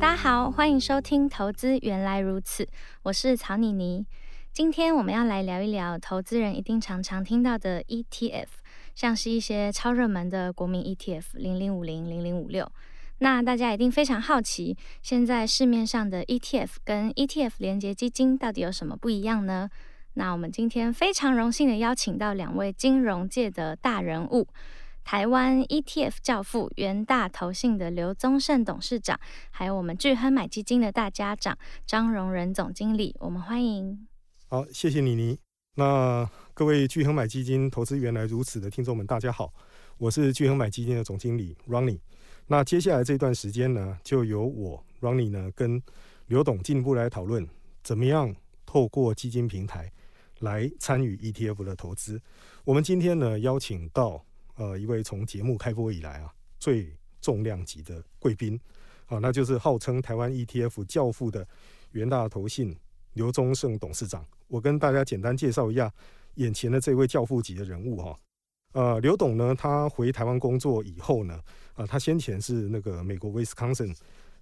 大家好，歡迎收聽《投資原來如此》，我是曹妮妮。今天我們要來聊一聊投資人一定常常聽到的 ETF，像是一些超熱門的國民 ETF 零零五零、零零五六。那大家一定非常好奇，現在市面上的 ETF 跟 ETF 聯結基金到底有什麼不一樣呢？那我們今天非常榮幸的邀請到兩位金融界的大人物。台灣 ETF 教父元大投信的劉宗聖董事長，還有我們鉅亨買基金的大家長張榮仁總經理，我們歡迎。好，謝謝妮妮。那各位鉅亨買基金投資原來如此的聽眾們，大家好，我是鉅亨買基金的總經理 Ronnie。那接下來這段時間呢，就由我 Ronnie 呢跟劉董進一步來討論，怎麼樣透過基金平台來參與 ETF 的投資。我們今天呢邀請到。呃，一位從節目開播以來啊，最重量級的貴賓，好、啊，那就是號稱台灣 ETF 教父的元大投信劉宗聖董事長。我跟大家簡單介紹一下眼前的這位教父級的人物哈、啊。呃、啊，劉董呢，他回台灣工作以後呢，啊，他先前是那個美國威斯康森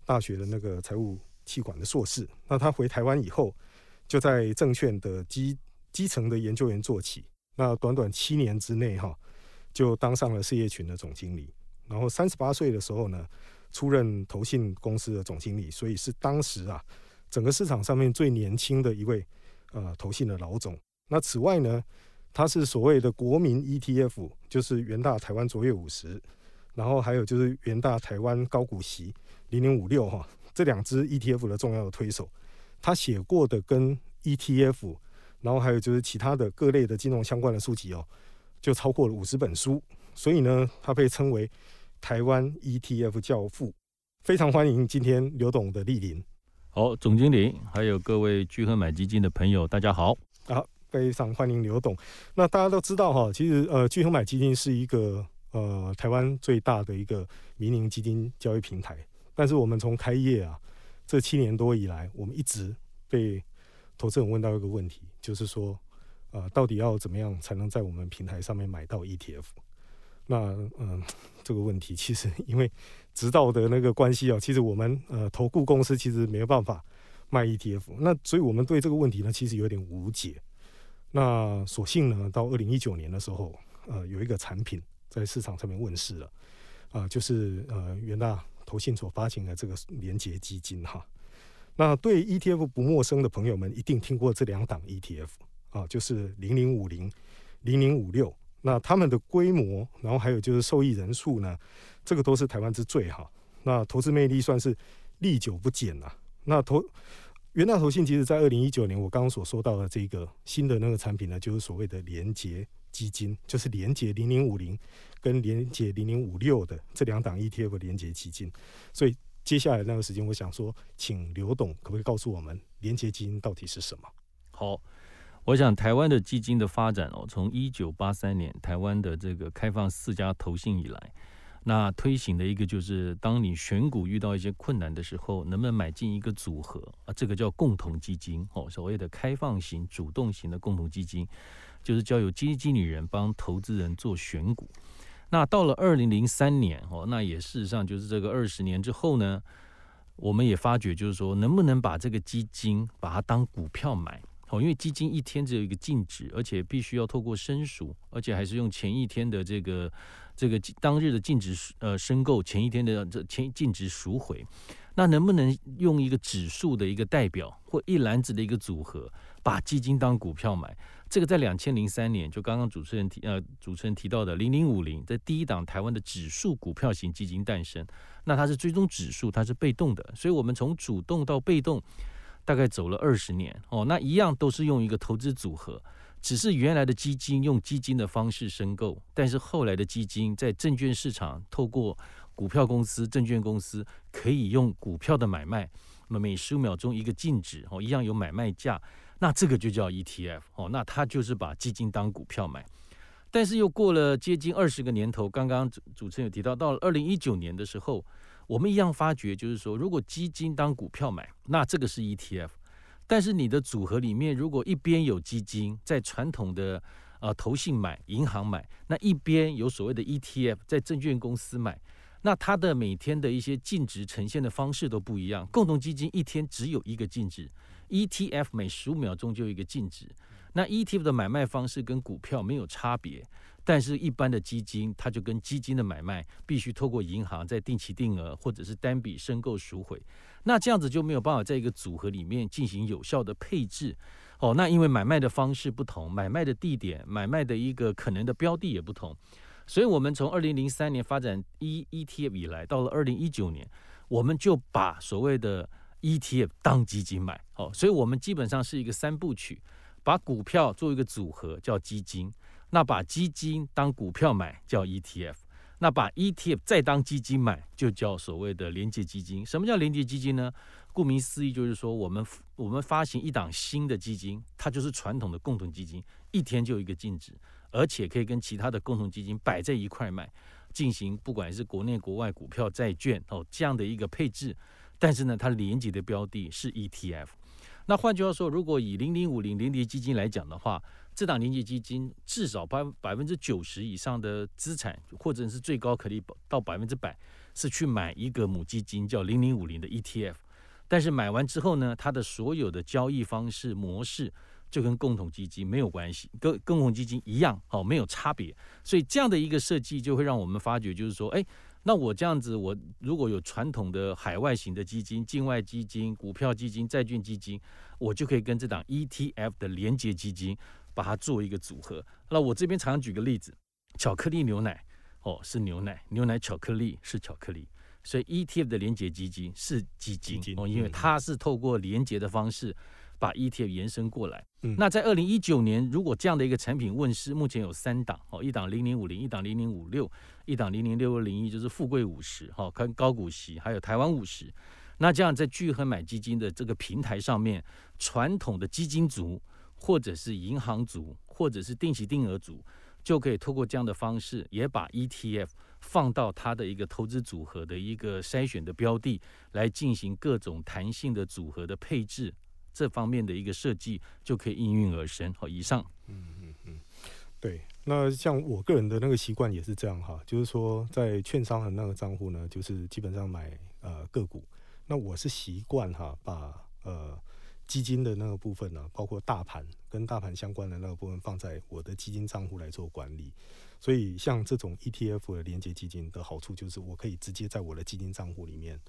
大學的那個財務企管的碩士。那他回台灣以後，就在證券的基基層的研究員做起。那短短七年之內哈、啊。就當上了事業群的總經理，然後三十八歲的時候呢，出任投信公司的總經理，所以是當時啊，整個市場上面最年輕的一位呃，投信的老總。那此外呢，他是所謂的國民 ETF，就是元大台灣卓越五十，然後還有就是元大台灣高股息零零五六哈，這兩支 ETF 的重要的推手，他寫過的跟 ETF，然後還有就是其他的各類的金融相關的書籍哦。就超過了五十本書，所以呢，他被稱為台灣 ETF 教父。非常歡迎今天劉董的蒞臨。好，總經理還有各位鉅亨買基金的朋友，大家好。啊，非常歡迎劉董。那大家都知道哈，其實呃，鉅亨買基金是一個呃台灣最大的一個民營基金交易平台。但是我們從開業啊這七年多以來，我們一直被投資人問到一個問題，就是說，呃，到底要怎麼樣才能在我們平台上面買到 ETF？那嗯、呃，這個問題其實因為直到的那個關係啊、哦，其實我們呃投顧公司其實沒有辦法賣 ETF。那所以我們對這個問題呢，其實有點無解。那所幸呢，到二零一九年的時候，呃，有一個產品在市場上面問世了，啊、呃，就是呃元大投信所發行的這個連結基金哈。那對 ETF 不陌生的朋友們，一定聽過這兩檔 ETF。啊，就是零零五零、零零五六，那他們的規模，然後還有就是受益人數呢，這個都是台灣之最哈。那投資魅力算是歷久不減了啊。那投元大投信，其實在二零一九年，我剛剛所說到的這個新的那個產品呢，就是所謂的連結基金，就是連結零零五零跟連結零零五六的這兩檔 ETF 連結基金。所以接下來那個時間，我想說，請劉董可不可以告訴我們連結基金到底是什麼？好。我想台灣的基金的發展哦，從一九八三年台灣的這個開放四家投信以來，那推行的一個就是當你選股遇到一些困難的時候，能不能買進一個組合啊？這個叫共同基金哦，所謂的開放型、主動型的共同基金，就是交由基金經理人幫投資人做選股。那到了二零零三年哦，那也事實上就是這個二十年之後呢，我們也發覺就是說，能不能把這個基金把它當股票買？哦，因為基金一天只有一個淨值，而且必須要透過申贖，而且還是用前一天的這個這個當日的淨值，呃，申購前一天的這前淨值贖回。那能不能用一個指數的一個代表，或一籃子的一個組合，把基金當股票買？這個在兩千零三年，就剛剛主持人提，呃，主持人提到的零零五零，在第一檔台灣的指數股票型基金誕生。那它是追蹤指數，它是被動的，所以我們從主動到被動。大概走了二十年哦，那一樣都是用一個投資組合，只是原來的基金用基金的方式申購，但是後來的基金在證券市場透過股票公司、證券公司可以用股票的買賣，那麼每十五秒鐘一個淨值哦，一樣有買賣價，那這個就叫 ETF 哦，那它就是把基金當股票買，但是又過了接近二十個年頭，剛剛主主持人有提到，到了二零一九年的時候。我們一樣發覺，就是說，如果基金當股票買，那這個是 ETF。但是你的組合裡面，如果一邊有基金在傳統的呃投信買、銀行買，那一邊有所謂的 ETF 在證券公司買，那它的每天的一些淨值呈現的方式都不一樣。共同基金一天只有一個淨值，ETF 每十五秒鐘就有一個淨值。那 ETF 的買賣方式跟股票沒有差別。但是，一般的基金，它就跟基金的買賣必須透過銀行，在定期定額或者是單筆申購贖回，那這樣子就沒有辦法在一個組合裡面進行有效的配置。哦，那因為買賣的方式不同，買賣的地點，買賣的一個可能的標的也不同，所以我們從二零零三年發展 E ETF 以來，到了二零一九年，我們就把所謂的 ETF 當基金買。哦，所以我們基本上是一個三部曲，把股票做一個組合叫基金。那把基金當股票買叫 ETF，那把 ETF 再當基金買就叫所謂的連結基金。什麼叫連結基金呢？顧名思義就是說我們我們發行一檔新的基金，它就是傳統的共同基金，一天就一個淨值，而且可以跟其他的共同基金擺在一塊買，進行不管是國內國外股票、債券哦這樣的一個配置。但是呢，它連結的標的是 ETF。那換句話說，如果以零零五零連結基金來講的話，這檔連結基金至少百百分之九十以上的資產，或者是最高可以到百分之百，是去買一個母基金叫零零五零的 ETF。但是買完之後呢，它的所有的交易方式模式就跟共同基金沒有關係，跟跟共同基金一樣哦，沒有差別。所以這樣的一個設計就會讓我們發覺，就是說，哎，那我這樣子，我如果有傳統的海外型的基金、境外基金、股票基金、債券基金，我就可以跟這檔 ETF 的連結基金，把它做一個組合，那我這邊常常舉個例子，巧克力牛奶哦是牛奶，牛奶巧克力是巧克力，所以 ETF 的聯結基金是基金，基金哦，因為它是透過連結的方式把 ETF 延伸過來。嗯、那在二零一九年，如果這樣的一個產品問世，目前有三檔哦，一檔零零五零，一檔零零五六，一檔零零六二零一，就是富貴五十哈，跟高股息，還有台灣五十。那這樣在聚合買基金的這個平台上面，傳統的基金族，或者是銀行組，或者是定期定額組，就可以透過這樣的方式，也把 ETF 放到它的一個投資組合的一個篩選的標的，來進行各種彈性的組合的配置，這方面的一個設計就可以應運而生。好，以上。嗯嗯嗯，對。那像我個人的那個習慣也是這樣哈，就是說在券商的那個賬戶呢，就是基本上買呃個股。那我是習慣哈，把呃。基金的那個部分呢、啊，包括大盤跟大盤相關的那個部分，放在我的基金賬戶來做管理。所以像這種 ETF 的連結基金的好處就是，我可以直接在我的基金賬戶裡面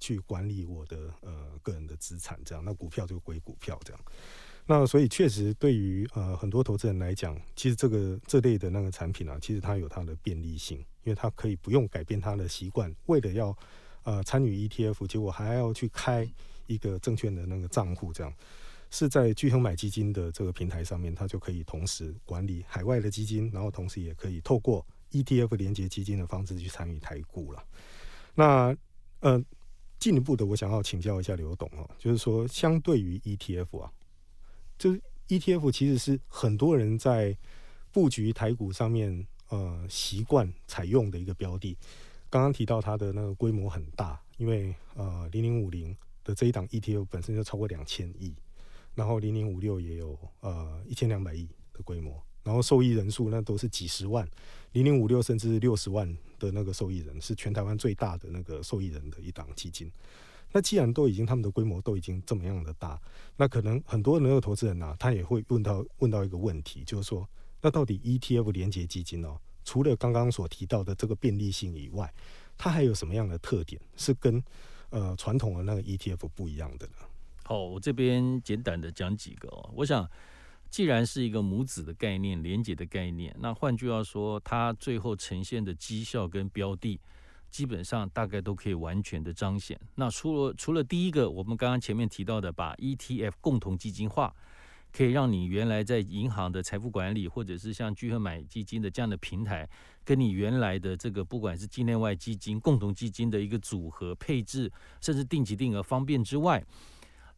去管理我的呃個人的資產，這樣，那股票就歸股票這樣。那所以確實對於呃很多投資人來講，其實這個這類的那個產品啊，其實它有它的便利性，因為它可以不用改變它的習慣，為了要呃參與 ETF，其實我還要去開。一個證券的那個賬戶，這樣是在鉅亨買基金的這個平台上面，它就可以同時管理海外的基金，然後同時也可以透過 ETF 連結基金的方式去參與台股了。那呃，進一步的，我想要請教一下劉董哦、啊，就是說，相對於 ETF 啊，就是 ETF 其實是很多人在布局台股上面呃習慣採用的一個標的。剛剛提到它的那個規模很大，因為呃零零五零。0050，的這一檔 ETF 本身就超過兩千億，然後零零五六也有呃一千兩百億的規模，然後受益人數那都是幾十萬，零零五六甚至六十萬的那個受益人是全台灣最大的那個受益人的一檔基金。那既然都已經他們的規模都已經這麼樣的大，那可能很多的那個投資人呢、啊，他也會問到問到一個問題，就是說，那到底 ETF 連結基金哦，除了剛剛所提到的這個便利性以外，它還有什麼樣的特點？是跟呃，傳統的那個 ETF 不一樣的呢？好，哦，我這邊簡短的講幾個哦。我想，既然是一個母子的概念、連結的概念，那換句話說，它最後呈現的績效跟標的，基本上大概都可以完全的彰顯。那除了除了第一個，我們剛剛前面提到的，把 ETF 共同基金化，可以讓你原來在銀行的財富管理，或者是像鉅亨買基金的這樣的平台。跟你原來的這個不管是境內外基金、共同基金的一個組合配置，甚至定期定額方便之外，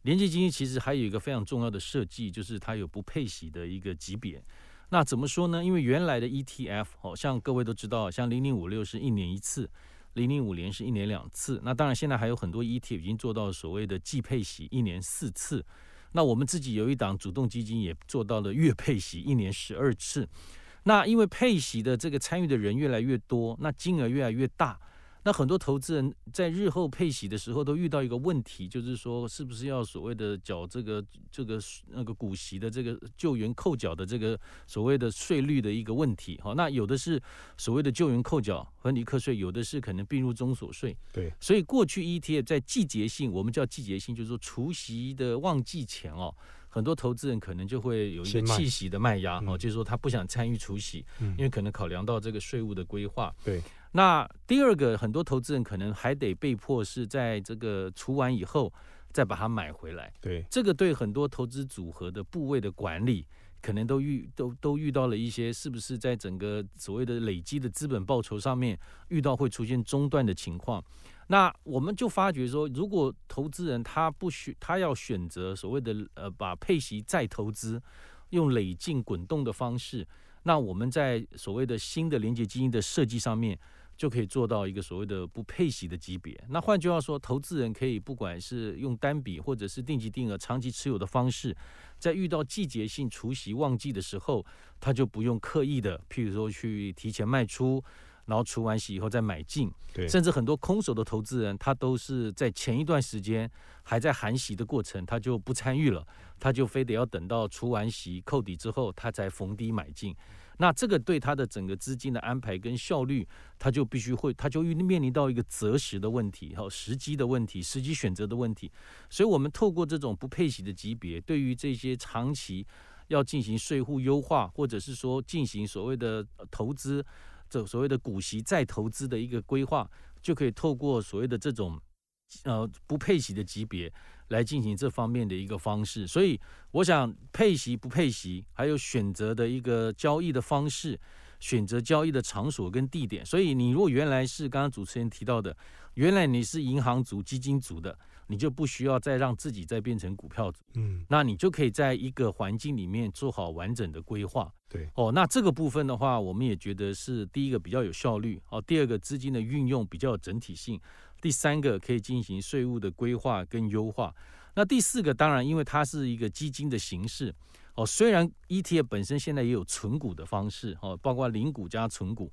連結基金其實還有一個非常重要的設計，就是它有不配息的一個級別。那怎麼說呢？因為原來的 ETF，好像各位都知道，像零零五六是一年一次，零零五零是一年兩次。那當然現在還有很多 ETF 已經做到所謂的季配息，一年四次。那我們自己有一檔主動基金也做到了月配息，一年十二次。那因為配息的這個參與的人越來越多，那金額越來越大，那很多投資人在日後配息的時候都遇到一個問題，就是說是不是要所謂的繳這個這個那個股息的這個救援扣繳的這個所謂的稅率的一個問題？哈，那有的是所謂的救援扣繳、分離課稅，有的是可能併入中所稅。對，所以過去 ETF 在季節性，我們叫季節性，就是說除息的旺季前哦。很多投資人可能就會有一個棄息的賣壓哦、嗯，就是說他不想參與除息、嗯，因為可能考量到這個稅務的規劃、嗯。對，那第二個，很多投資人可能還得被迫是在這個除完以後再把它買回來。對，這個對很多投資組合的部位的管理，可能都遇都都遇到了一些是不是在整個所謂的累積的資本報酬上面遇到會出現中斷的情況。那我們就發覺說，如果投資人他不選，他要選擇所謂的呃把配息再投資，用累進滾動的方式，那我們在所謂的新的連結基金的設計上面，就可以做到一個所謂的不配息的級別。那換句話說，投資人可以不管是用單筆或者是定期定額長期持有的方式，在遇到季節性除息旺季的時候，他就不用刻意的，譬如說去提前賣出。然後除完息以後再買進，對，甚至很多空手的投資人，他都是在前一段時間還在含息的過程，他就不參與了，他就非得要等到除完息扣底之後，他才逢低買進。那這個對他的整個資金的安排跟效率，他就必須會，他就面臨到一個擇時的問題，好時機的問題，時機選擇的問題。所以，我們透過這種不配息的級別，對於這些長期要進行稅負優化，或者是說進行所謂的投資。這所謂的股息再投資的一個規劃，就可以透過所謂的這種，呃，不配息的級別來進行這方面的一個方式。所以，我想配息不配息，還有選擇的一個交易的方式，選擇交易的場所跟地點。所以，你如果原來是剛剛主持人提到的，原來你是銀行組、基金組的。你就不需要再讓自己再變成股票，嗯，那你就可以在一個環境裡面做好完整的規劃，對，哦，那這個部分的話，我們也覺得是第一個比較有效率，哦，第二個資金的運用比較有整體性，第三個可以進行稅務的規劃跟優化，那第四個當然，因為它是一個基金的形式，哦，雖然 ETF 本身現在也有存股的方式，哦，包括零股加存股。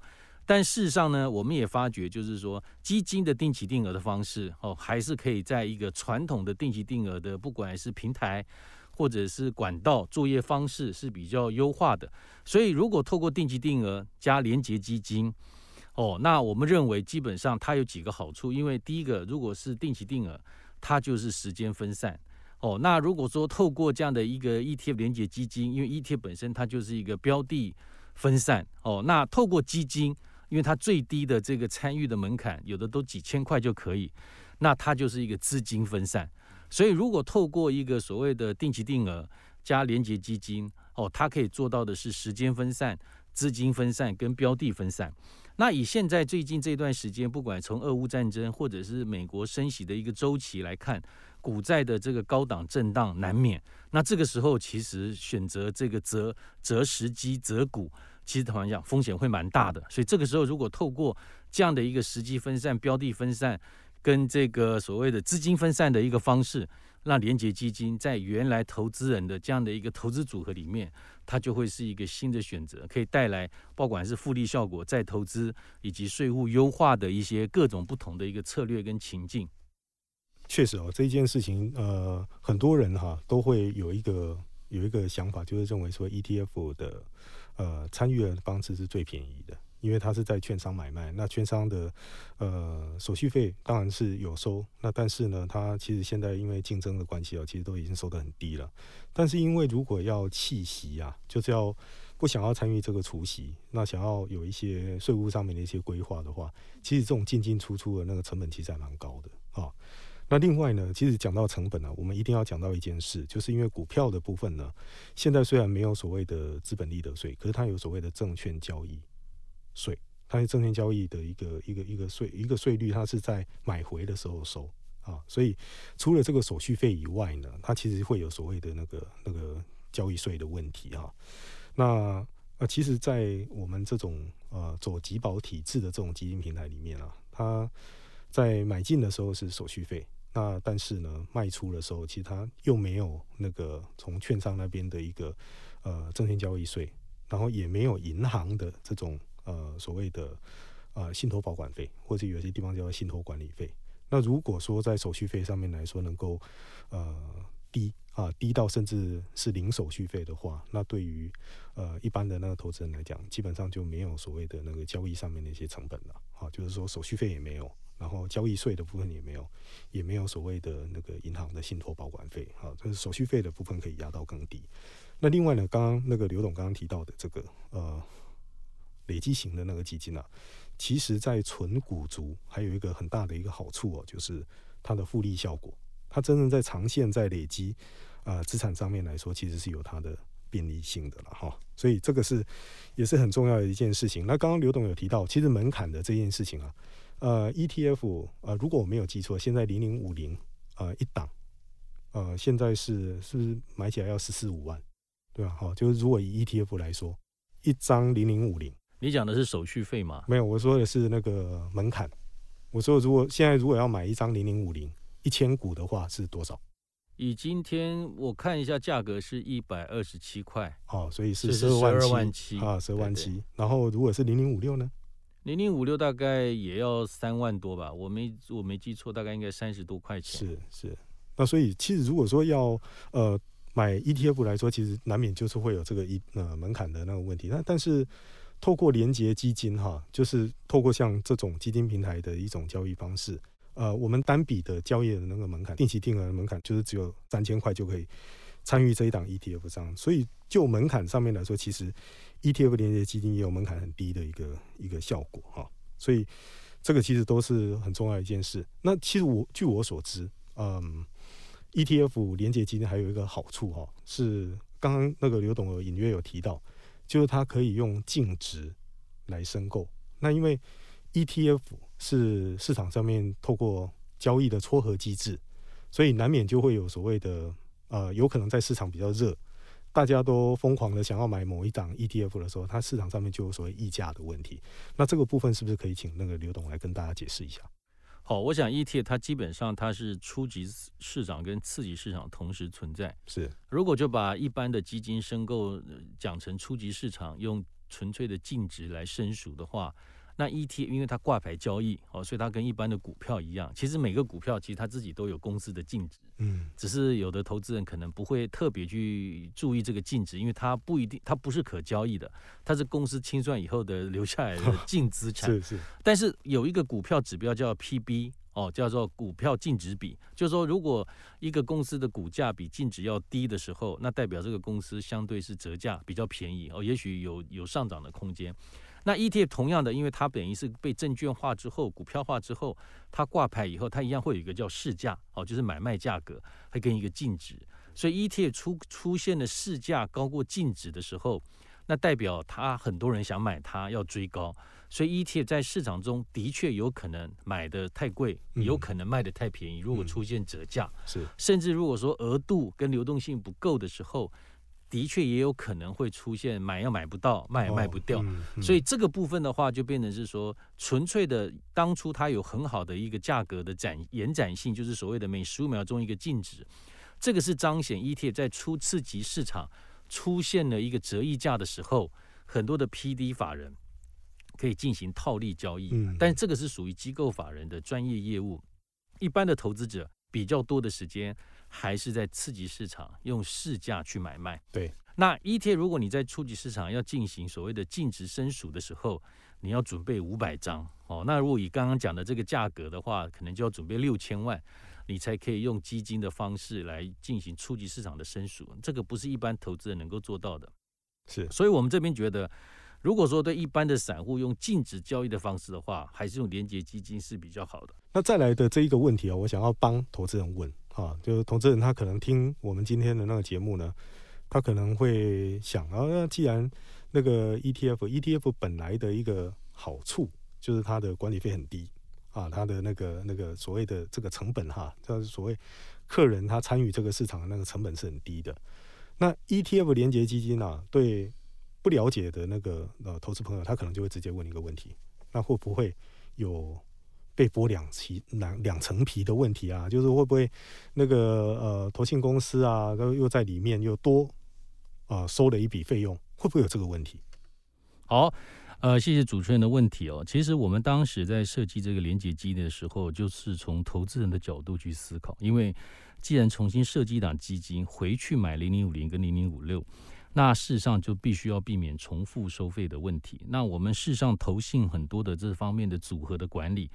但事實上呢，我們也發覺，就是說，基金的定期定額的方式，哦，還是可以在一個傳統的定期定額的，不管是平台或者是管道，作業方式是比較優化的。所以，如果透過定期定額加連結基金，哦，那我們認為基本上它有幾個好處，因為第一個，如果是定期定額，它就是時間分散，哦，那如果說透過這樣的一個 ETF 連結基金，因為 ETF 本身它就是一個標的分散，哦，那透過基金。因為它最低的這個參與的門檻，有的都幾千塊就可以，那它就是一個資金分散。所以如果透過一個所謂的定期定額加連結基金，哦，它可以做到的是時間分散、資金分散跟標的分散。那以現在最近這段時間，不管從俄烏戰爭或者是美國升息的一個週期來看，股債的這個高檔震盪難免。那這個時候，其實選擇這個擇擇時機擇股。其實同樣，風險會蠻大的。所以這個時候，如果透過這樣的一個時機分散、標的分散，跟這個所謂的資金分散的一個方式，讓連結基金在原來投資人的這樣的一個投資組合裡面，它就會是一個新的選擇，可以帶來不管是複利效果、再投資以及稅務優化的一些各種不同的一個策略跟情境。確實哦，這件事情，呃，很多人哈、啊、都會有一個。有一個想法，就是認為說 ETF 的、呃參與的方式是最便宜的，因為它是在券商買賣。那券商的呃手續費當然是有收，那但是呢，它其實現在因為競爭的關係啊，其實都已經收得很低了。但是因為如果要棄息啊，就是要不想要參與這個除息，那想要有一些稅務上面的一些規劃的話，其實這種進進出出的那個成本其實還蠻高的啊。那另外呢，其實講到成本呢、啊，我們一定要講到一件事，就是因為股票的部分呢，現在雖然沒有所謂的資本利得稅，可是它有所謂的證券交易稅，它是證券交易的一個一個一個稅一個稅率，它是在買回的時候收啊，所以除了這個手續費以外呢，它其實會有所謂的那個那個交易稅的問題啊。那呃、啊，其實，在我們這種呃走集保體制的這種基金平台裡面啊，它。在買進的時候是手續費，那但是呢，賣出的時候其實它又沒有那個從券商那邊的一個呃證券交易稅，然後也沒有銀行的這種呃所謂的呃信託保管費，或者有些地方叫做信託管理費。那如果說在手續費上面來說能夠呃低。啊，低到甚至是零手續費的話，那對於呃一般的那個投資人來講，基本上就沒有所謂的那個交易上面的一些成本了。啊，就是說手續費也沒有，然後交易稅的部分也沒有，也沒有所謂的那個銀行的信托保管費。啊，就是手續費的部分可以壓到更低。那另外呢，剛剛那個劉董剛剛提到的這個呃累積型的那個基金呢，啊，其實在存股族還有一個很大的一個好處哦，就是它的複利效果。它真正在長線在累積，呃，資產上面來說，其實是有它的便利性的了哈。所以這個是也是很重要的一件事情。那剛剛劉董有提到，其實門檻的這件事情啊，呃，ETF，呃，如果我沒有記錯，現在零零五零呃，一檔，呃，現在是是，是買起來要十四五萬，對吧，啊？好，就是如果以 ETF 來說，一張零零五零，你講的是手續費嗎？沒有，我說的是那個門檻。我說如果現在如果要買一張零零五零。一千股的話是多少？以今天我看一下價格是一百二十七塊，哦。所以是十二萬七啊，十二萬七。然後如果是零零五六呢？零零五六大概也要三萬多吧？我沒我沒記錯，大概應該三十多塊錢。是是。那所以其實如果說要呃買 ETF 來說，其實難免就是會有這個一呃門檻的那個問題。那但，但是透過連結基金哈，就是透過像這種基金平台的一種交易方式，呃，我們單筆的交易的那個門檻、定期定額的門檻就是只有三千塊就可以參與這一檔 ETF 上，所以就門檻上面來說，其實 ETF 連結基金也有門檻很低的一個一個效果哈、哦，所以這個其實都是很重要的一件事。那其實我據我所知，嗯，ETF 連結基金還有一個好處哈、哦，是剛剛那個劉董隱約有提到，就是它可以用淨值來申購。那因為 ETF。是市場上面透過交易的撮合機制，所以難免就會有所謂的呃，有可能在市場比較熱，大家都瘋狂的想要買某一檔 ETF 的時候，它市場上面就有所謂溢價的問題。那這個部分是不是可以請那個劉董來跟大家解釋一下？好，我想 ETF 它基本上它是初級市場跟次級市場同時存在。是，如果就把一般的基金申購，呃，講成初級市場，用純粹的淨值來申贖的話。那 ET 因為它掛牌交易哦，所以它跟一般的股票一樣，其實每個股票其實它自己都有公司的淨值，嗯，只是有的投資人可能不會特別去注意這個淨值，因為它不一定，它不是可交易的，它是公司清算以後的留下來的淨資產，是是。但是有一個股票指標叫 PB，哦，叫做股票淨值比，就是說如果一個公司的股價比淨值要低的時候，那代表這個公司相對是折價比較便宜哦，也許有有上漲的空間。那 ETF 同樣的，因為它等於是被證券化之後、股票化之後，它掛牌以後，它一樣會有一個叫市價，好、哦，就是買賣價格，它跟一個淨值。所以 ETF 出出現的市價高過淨值的時候，那代表他很多人想買它要追高。所以 ETF 在市場中的確有可能買的太貴，有可能賣的太便宜。如果出現折價、嗯嗯，是，甚至如果說額度跟流動性不夠的時候。的確也有可能會出現買又買不到，賣也賣不掉，哦嗯嗯，所以這個部分的話，就變成是說純粹的當初它有很好的一個價格的展延展性，就是所謂的每十五秒鐘一個淨值。這個是彰顯 ETF 在初次級市場出現了一個折溢價的時候，很多的 PD 法人可以進行套利交易，嗯、但這個是屬於機構法人的專業業務，一般的投資者比較多的時間。還是在次級市場用市價去買賣。對，那一天如果你在初級市場要進行所謂的淨值申贖的時候，你要準備五百張哦。那如果以剛剛講的這個價格的話，可能就要準備六千萬，你才可以用基金的方式來進行初級市場的申贖。這個不是一般投資人能夠做到的。是，所以我們這邊覺得，如果說，對一般的散戶用淨值交易的方式的話，還是用連結基金是比較好的。那再來的這一個問題啊、哦，我想要幫投資人問。啊，就是投資人他可能聽我們今天的那個節目呢，他可能會想啊，那既然那個 ETF，ETF ETF 本來的一個好處就是它的管理費很低啊，它的那個那個所謂的這個成本哈，就是、所謂客人他參與這個市場的那個成本是很低的。那 ETF 連結基金呢、啊，對不了解的那個呃、啊、投資朋友，他可能就會直接問一個問題，那會不會有？被剝兩期，兩兩層皮的問題啊，就是會不會那個呃投信公司啊，又在裡面又多啊、呃、收了一筆費用，會不會有這個問題？好，呃，謝謝主持人的問題哦。其實我們當時在設計這個連結基金的時候，就是從投資人的角度去思考，因為既然重新設計一檔基金回去買零零五零跟零零五六，那事實上就必須要避免重複收費的問題。那我們事實上投信很多的這方面的組合的管理。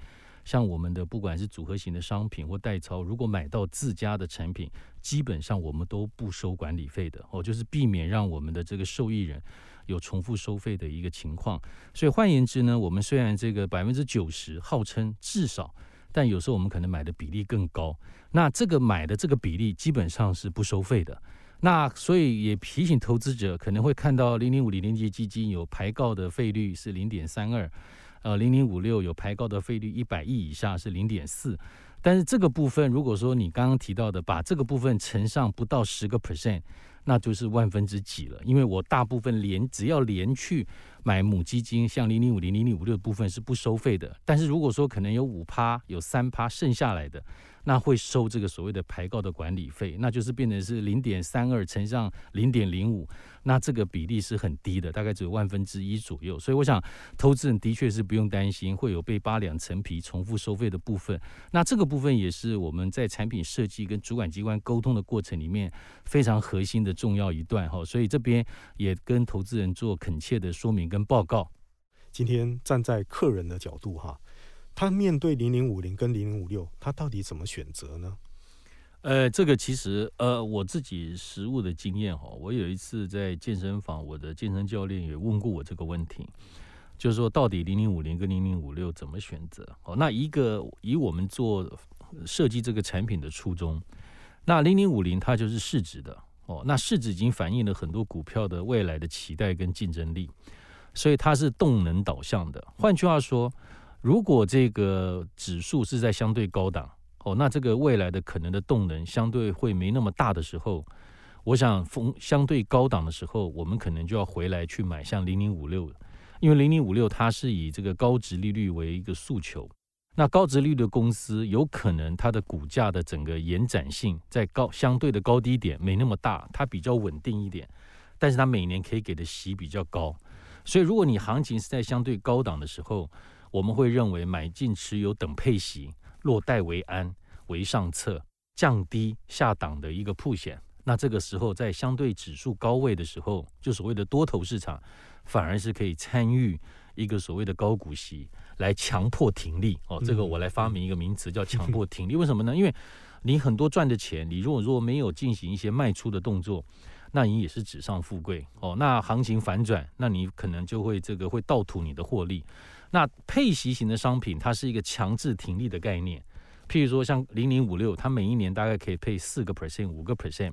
像我們的不管是組合型的商品或代操，如果買到自家的產品，基本上我們都不收管理費的哦，就是避免讓我們的這個受益人有重複收費的一個情況。所以換言之呢，我們雖然這個百分之九十號稱至少，但有時候我們可能買的比例更高。那這個買的這個比例基本上是不收費的。那所以也提醒投資者，可能會看到零零五零連結基金有排告的費率是零點三二。呃，零零五六有排高的費率，一百億以下是零點四，但是這個部分，如果說你剛剛提到的，把這個部分乘上不到十個 percent，那就是萬分之幾了。因為我大部分連只要連去買母基金，像零零五零、零零五六的部分是不收費的，但是如果說可能有五趴、有三趴剩下來的。那會收這個所謂的牌告的管理費，那就是變成是零點三二乘上零點零五，那這個比例是很低的，大概只有萬分之一左右。所以我想，投資人的確是不用擔心會有被扒兩層皮重複收費的部分。那這個部分也是我們在產品設計跟主管機關溝通的過程裡面非常核心的重要一段哈。所以這邊也跟投資人做懇切的說明跟報告。今天站在客人的角度哈。他面對零零五零跟零零五六，他到底怎麼選擇呢？呃，這個其實呃，我自己實務的經驗哈，我有一次在健身房，我的健身教練也問過我這個問題，就是說到底零零五零跟零零五六怎麼選擇？哦，那一個以我們做設計這個產品的初衷，那零零五零它就是市值的哦，那市值已經反映了很多股票的未來的期待跟競爭力，所以它是動能導向的。換句話說。如果這個指數是在相對高檔哦，那這個未來的可能的動能相對會沒那麼大的時候，我想從相對高檔的時候，我們可能就要回來去買像零零五六，因為零零五六它是以這個高殖利率為一個訴求，那高殖利率的公司有可能它的股價的整個延展性在高相對的高低點沒那麼大，它比較穩定一點，但是它每年可以給的息比較高，所以如果你行情是在相對高檔的時候。我們會認為買進持有等配息，落袋為安為上策，降低下檔的一個曝險。那這個時候，在相對指數高位的時候，就所謂的多頭市場，反而是可以參與一個所謂的高股息，來強迫停利哦。這個我來發明一個名詞叫強迫停利、嗯。為什麼呢？因為你很多賺的錢， 你如果如果沒有進行一些賣出的動作，那你也是紙上富貴哦。那行情反轉，那你可能就會這個會倒吐你的獲利。那配息型的商品，它是一個強制停利的概念，譬如說像零零五六，它每一年大概可以配四個 percent、五個 percent。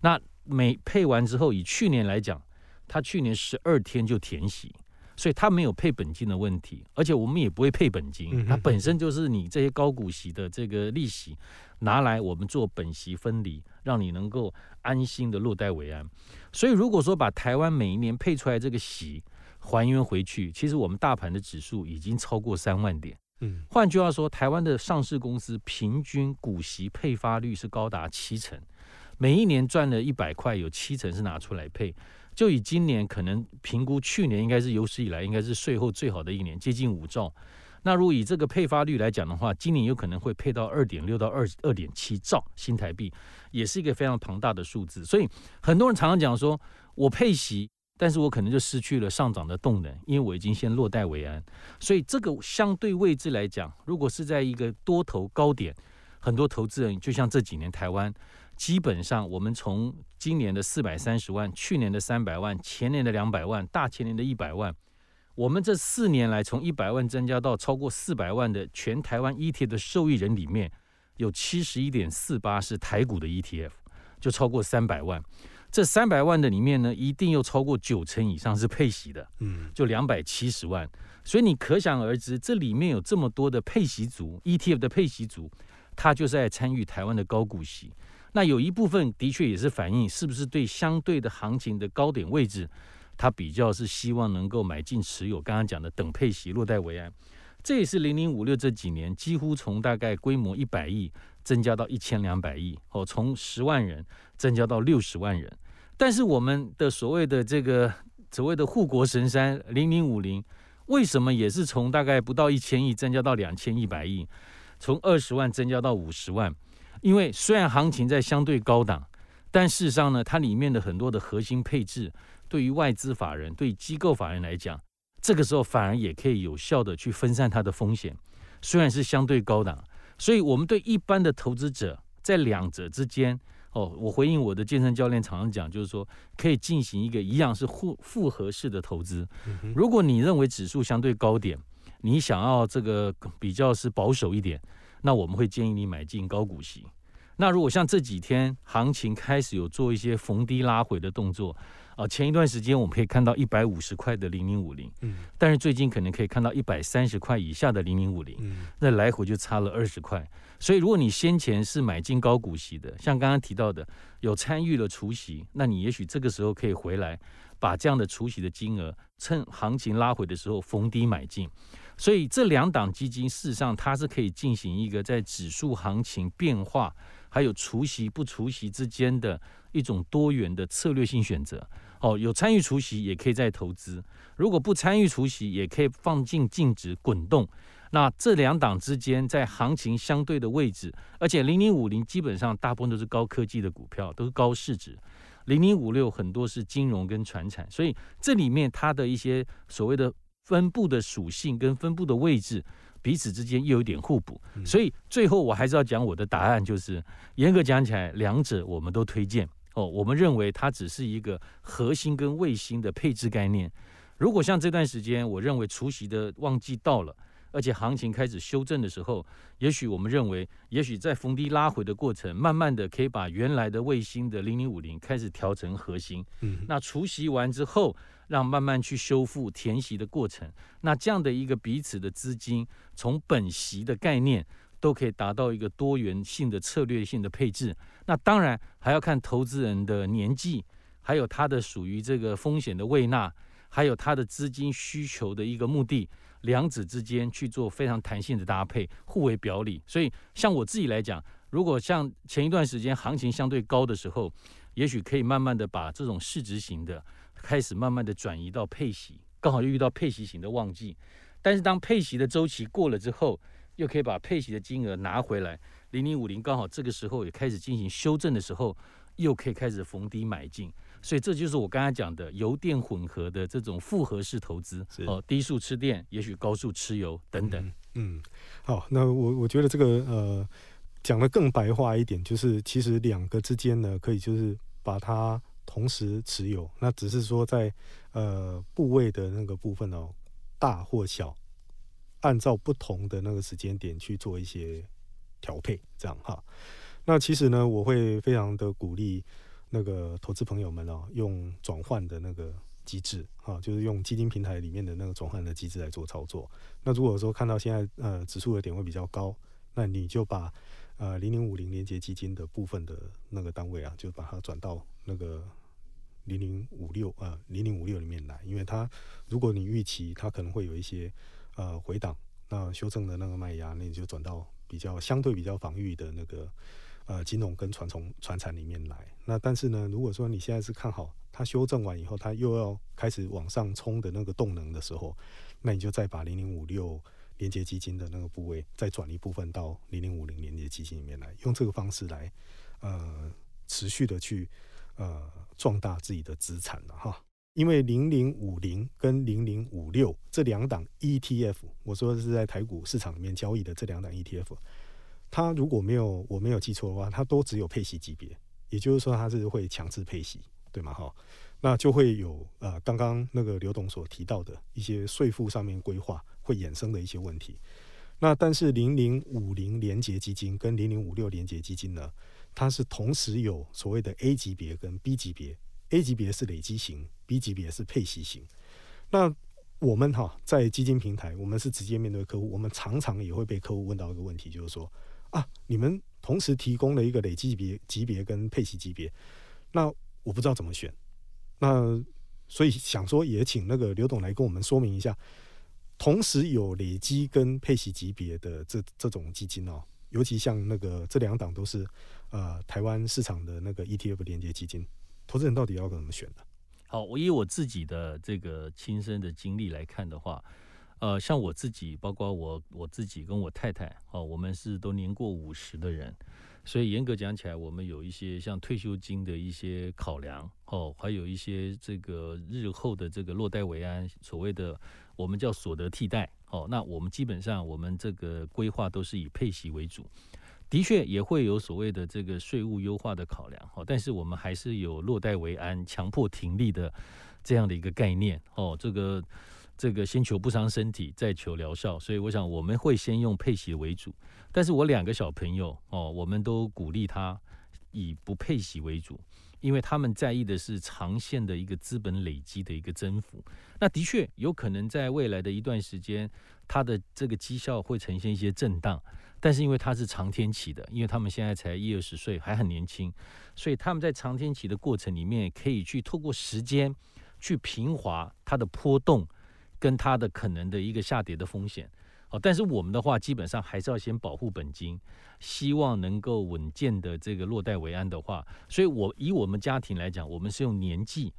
那每配完之後，以去年來講，它去年十二天就填息，所以它沒有配本金的問題，而且我們也不會配本金，它本身就是你這些高股息的這個利息拿來我們做本息分離，讓你能夠安心的落袋為安。所以如果說把台灣每一年配出來這個息，還原回去，其實我們大盤的指數已經超過三萬點。嗯，換句話說，台灣的上市公司平均股息配發率是高達七成，每一年賺了一百塊，有七成是拿出來配。就以今年可能評估，去年應該是有史以來應該是稅後最好的一年，接近五兆。那如果以這個配發率來講的話，今年有可能會配到二點六到二二點七兆新台幣，也是一個非常龐大的數字。所以很多人常常講說，我配息。但是我可能就失去了上漲的動能，因為我已經先落袋為安，所以這個相對位置來講，如果是在一個多頭高點，很多投資人就像這幾年台灣，基本上我們從今年的四百三十萬，去年的三百萬，前年的兩百萬，大前年的一百萬，我們這四年來從一百萬增加到超過四百萬的全台灣 ETF 的受益人裡面，有七十一點四八是台股的 ETF，就超過三百萬。這三百萬的裡面呢，一定有超過九成以上是配息的，嗯，就兩百七十萬，所以你可想而知，這裡面有這麼多的配息族 ETF 的配息族，他就是在參與台灣的高股息。那有一部分的確也是反映，是不是對相對的行情的高點位置，他比較是希望能夠買進持有。剛剛講的等配息、落袋為安，這也是零零五六這幾年幾乎從大概規模一百億增加到一千兩百億，哦，從十萬人增加到六十萬人。但是我們的所謂的這個所謂的護國神山零零五零，為什麼也是從大概不到一千億增加到兩千一百億，從二十萬增加到五十萬？因為雖然行情在相對高檔，但事實上呢，它裡面的很多的核心配置，對於外資法人、對機構法人來講，這個時候反而也可以有效的去分散它的風險，雖然是相對高檔，所以我們對一般的投資者在兩者之間。哦、oh，我回應我的健身教練常常講，就是說可以進行一個一樣是複複合式的投資，嗯。如果你認為指數相對高點，你想要這個比較是保守一點，那我們會建議你買進高股息。那如果像這幾天行情開始有做一些逢低拉回的動作。啊，前一段時間我們可以看到一百五十塊的零零五零，但是最近可能可以看到一百三十塊以下的零零五零，那來回就差了二十塊。所以，如果你先前是買進高股息的，像剛剛提到的有參與了除息，那你也許這個時候可以回來把這樣的除息的金額，趁行情拉回的時候逢低買進。所以這兩檔基金，事實上它是可以進行一個在指數行情變化，還有除息不除息之間的一種多元的策略性選擇。哦，有參與除息也可以再投資；如果不參與除息，也可以放進淨值滾動。那這兩檔之間在行情相對的位置，而且零零五零基本上大部分都是高科技的股票，都是高市值；零零五六很多是金融跟傳產，所以這裡面它的一些所謂的。分布的屬性跟分布的位置彼此之間又有點互補，所以最後我還是要講我的答案，就是嚴格講起來，兩者我們都推薦哦。我們認為它只是一個核心跟衛星的配置概念。如果像這段時間，我認為除息的旺季到了，而且行情開始修正的時候，也許我們認為，也許在逢低拉回的過程，慢慢的可以把原來的衛星的零零五零開始調成核心。那除息完之後。讓慢慢去修復、填息的過程，那這樣的一個彼此的資金從本息的概念，都可以達到一個多元性的策略性的配置。那當然還要看投資人的年紀，還有他的屬於這個風險的胃納，還有他的資金需求的一個目的，兩者之間去做非常彈性的搭配，互為表裡。所以像我自己來講，如果像前一段時間行情相對高的時候，也許可以慢慢的把這種市值型的。開始慢慢的轉移到配息，剛好又遇到配息型的旺季，但是當配息的週期過了之後，又可以把配息的金額拿回來。零零五零剛好這個時候也開始進行修正的時候，又可以開始逢低買進。所以這就是我剛才講的油電混合的這種複合式投資哦，低速吃電，也許高速吃油等等。嗯，嗯好，那我我覺得這個呃，講得更白話一點，就是其實兩個之間呢，可以就是把它。同時持有，那只是說在呃部位的那個部分哦，大或小，按照不同的那個時間點去做一些調配，這樣哈。那其實呢，我會非常的鼓勵那個投資朋友們哦，用轉換的那個機制哈，就是用基金平台裡面的那個轉換的機制來做操作。那如果說看到現在呃指數的點位比較高，那你就把。呃，零零五零連結基金的部分的那個單位啊，就把它轉到那個零零五六啊，零零五六裡面來，因為它如果你預期它可能會有一些呃回檔，那修正的那個賣壓，那你就轉到比較相對比較防禦的那個呃金融跟傳統傳產裡面來。那但是呢，如果說你現在是看好它修正完以後，它又要開始往上衝的那個動能的時候，那你就再把零零五六連結基金的那個部位，再轉一部分到零零五零連結基金裡面來，用這個方式來，呃，持續的去呃壯大自己的資產了哈。因為零零五零跟零零五六這兩檔 ETF，我說是在台股市場裡面交易的這兩檔 ETF，它如果沒有我沒有記錯的話，它都只有配息級別，也就是說它是會強制配息，對嗎？哈，那就會有呃剛剛那個劉董所提到的一些稅負上面規劃。會衍生的一些問題。那但是零零五零連結基金跟零零五六連結基金呢，它是同時有所謂的 A 級別跟 B 級別，A 級別是累積型，B 級別是配息型。那我們哈在基金平台，我們是直接面對客戶，我們常常也會被客戶問到一個問題，就是說啊，你們同時提供了一個累積級別級別跟配息級別，那我不知道怎麼選。那所以想說，也請那個劉董來跟我們說明一下。同時有累積跟配息級別的這這種基金哦，尤其像那個這兩檔都是，呃，台灣市場的那個 ETF 連結基金，投資人到底要怎麼選呢，啊？好，我以我自己的這個親身的經歷來看的話，呃，像我自己，包括我我自己跟我太太哦，我們是都年過五十的人，所以嚴格講起來，我們有一些像退休金的一些考量哦，還有一些這個日後的這個落袋為安所謂的。我們叫所得替代，哦，那我們基本上我們這個規劃都是以配息為主，的確也會有所謂的這個稅務優化的考量，哦，但是我們還是有落袋為安、強迫停利的這樣的一個概念，哦，這個這個先求不傷身體，再求療效，所以我想我們會先用配息為主，但是我兩個小朋友，哦，我們都鼓勵他以不配息為主。因為他們在意的是長線的一個資本累積的一個增幅，那的確有可能在未來的一段時間，它的這個績效會呈現一些震盪，但是因為它是長天期的，因為他們現在才一二十歲，還很年輕，所以他們在長天期的過程裡面，可以去透過時間去平滑它的波動，跟它的可能的一個下跌的風險。但是我們的話，基本上還是要先保護本金，希望能夠穩健的這個落袋為安的話，所以我以我們家庭來講，我們是用年紀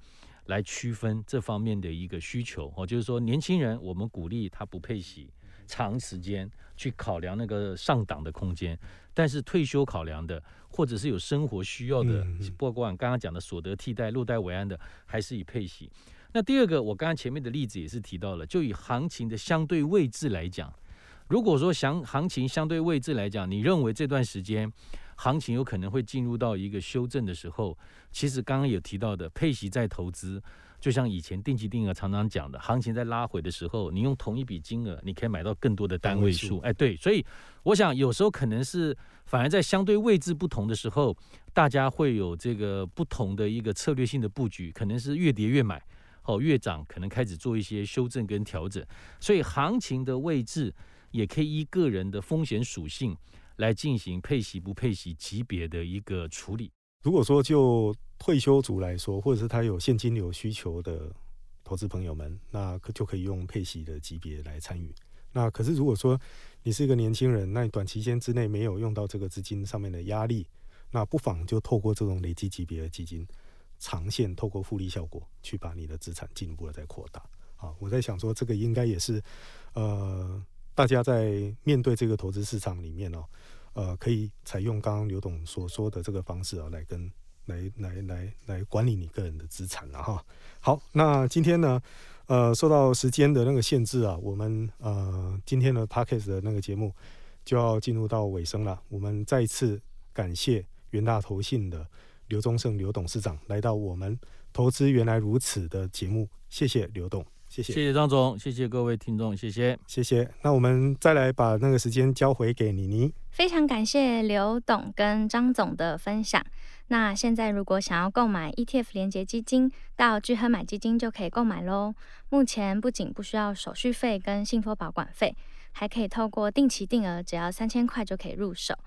來區分這方面的一個需求。哦，就是說年輕人，我們鼓勵他不配息，長時間去考量那個上檔的空間。但是退休考量的，或者是有生活需要的，包括剛剛講的所得替代落袋為安的，還是以配息。那第二個，我剛剛前面的例子也是提到了，就以行情的相對位置來講。如果說行行情相對位置來講，你認為這段時間行情有可能會進入到一個修正的時候，其實剛剛有提到的，配息在投資，就像以前定期定額常常講的，行情在拉回的時候，你用同一筆金額，你可以買到更多的單位、單位數。哎，對，所以我想有時候可能是反而在相對位置不同的時候，大家會有這個不同的一個策略性的布局，可能是越跌越買，好、哦，越漲可能開始做一些修正跟調整。所以行情的位置，也可以依個人的風險屬性來進行配息不配息級別的一個處理。如果說就退休族來說，或者是他有現金流需求的投資朋友們，那可就可以用配息的級別來參與。那可是如果說你是一個年輕人，那你短期間之內沒有用到這個資金上面的壓力，那不妨就透過這種累積級別的基金，長線透過複利效果去把你的資產進一步的再擴大。好，我在想說這個應該也是，呃。大家在面對這個投資市場裡面哦、啊，呃，可以採用剛剛劉董所說的這個方式啊，來跟來來來來管理你個人的資產了、啊、哈。好，那今天呢，呃，受到時間的那個限制啊，我們呃今天的 podcast 的那個節目就要進入到尾聲了。我們再一次感謝元大投信的劉宗聖劉董事長來到我們《投資原來如此》的節目，謝謝劉董。謝謝，謝謝張總，謝謝各位聽眾，謝謝，謝謝。那我們再來把那個時間交回給妮妮。非常感謝劉董跟張總的分享。那現在如果想要購買 ETF 連結基金，到鉅亨買基金就可以購買嘍。目前不僅不需要手續費跟信託保管費，還可以透過定期定額，只要三千塊就可以入手。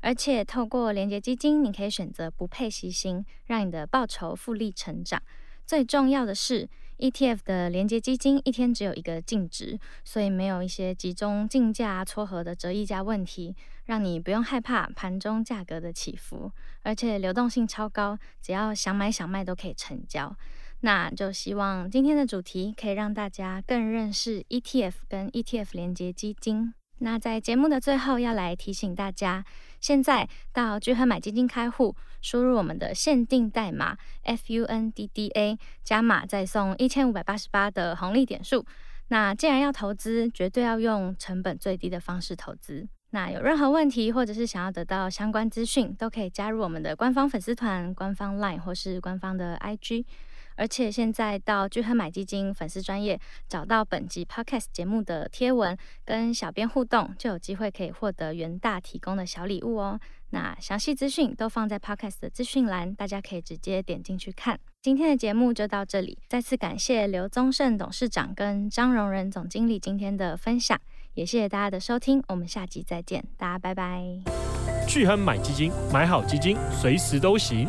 而且透過連結基金，你可以選擇不配息型，讓你的報酬複利成長。最重要的是，ETF 的連結基金一天只有一個淨值，所以沒有一些集中競價撮合的折溢價問題，讓你不用害怕盤中價格的起伏，而且流動性超高，只要想買想賣都可以成交。那就希望今天的主題可以讓大家更認識 ETF 跟 ETF 連結基金。那在節目的最後，要來提醒大家：現在到鉅亨買基金開戶，輸入我們的限定代碼 FUNDDA 加碼，再送一千五百八十八的紅利點數。那既然要投資，絕對要用成本最低的方式投資。那有任何問題，或者是想要得到相關資訊，都可以加入我們的官方粉絲團、官方 LINE 或是官方的 IG。而且現在到鉅亨買基金粉絲專頁找到本集 podcast 節目的貼文，跟小編互動就有機會可以獲得元大提供的小禮物哦。那詳細資訊都放在 podcast 的資訊欄，大家可以直接點進去看。今天的節目就到這裡，再次感謝劉宗聖董事長跟張榮仁總經理今天的分享，也謝謝大家的收聽，我們下集再見，大家拜拜。鉅亨買基金，買好基金，隨時都行。